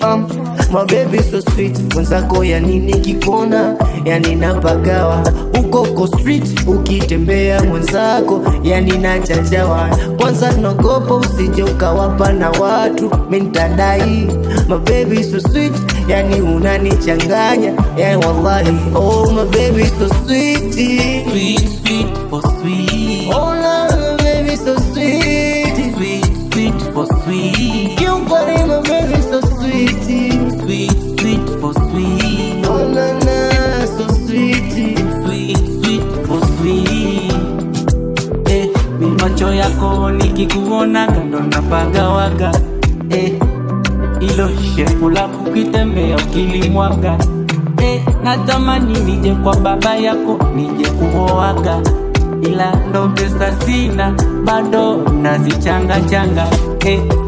Um, my baby so sweet, mwenzako ya nini kikona, yani napagawa uko ko street, ukitembea mwenzako yani nachachawa. Kwanza nogopa usije ukawapa na watu, mintadai my baby so sweet, yani unanichanganya yani wallahi, oh my baby so sweet, sweet sweet for sweet, oh my baby so sweet, sweet sweet for sweet macho yako nikikuona kando napagawaga eh, ilo shepu la kukitembea ukilimwaga eh, natamani nije kwa baba yako nije kuoaga ila ndo pesa sina bado nazichangachanga eh,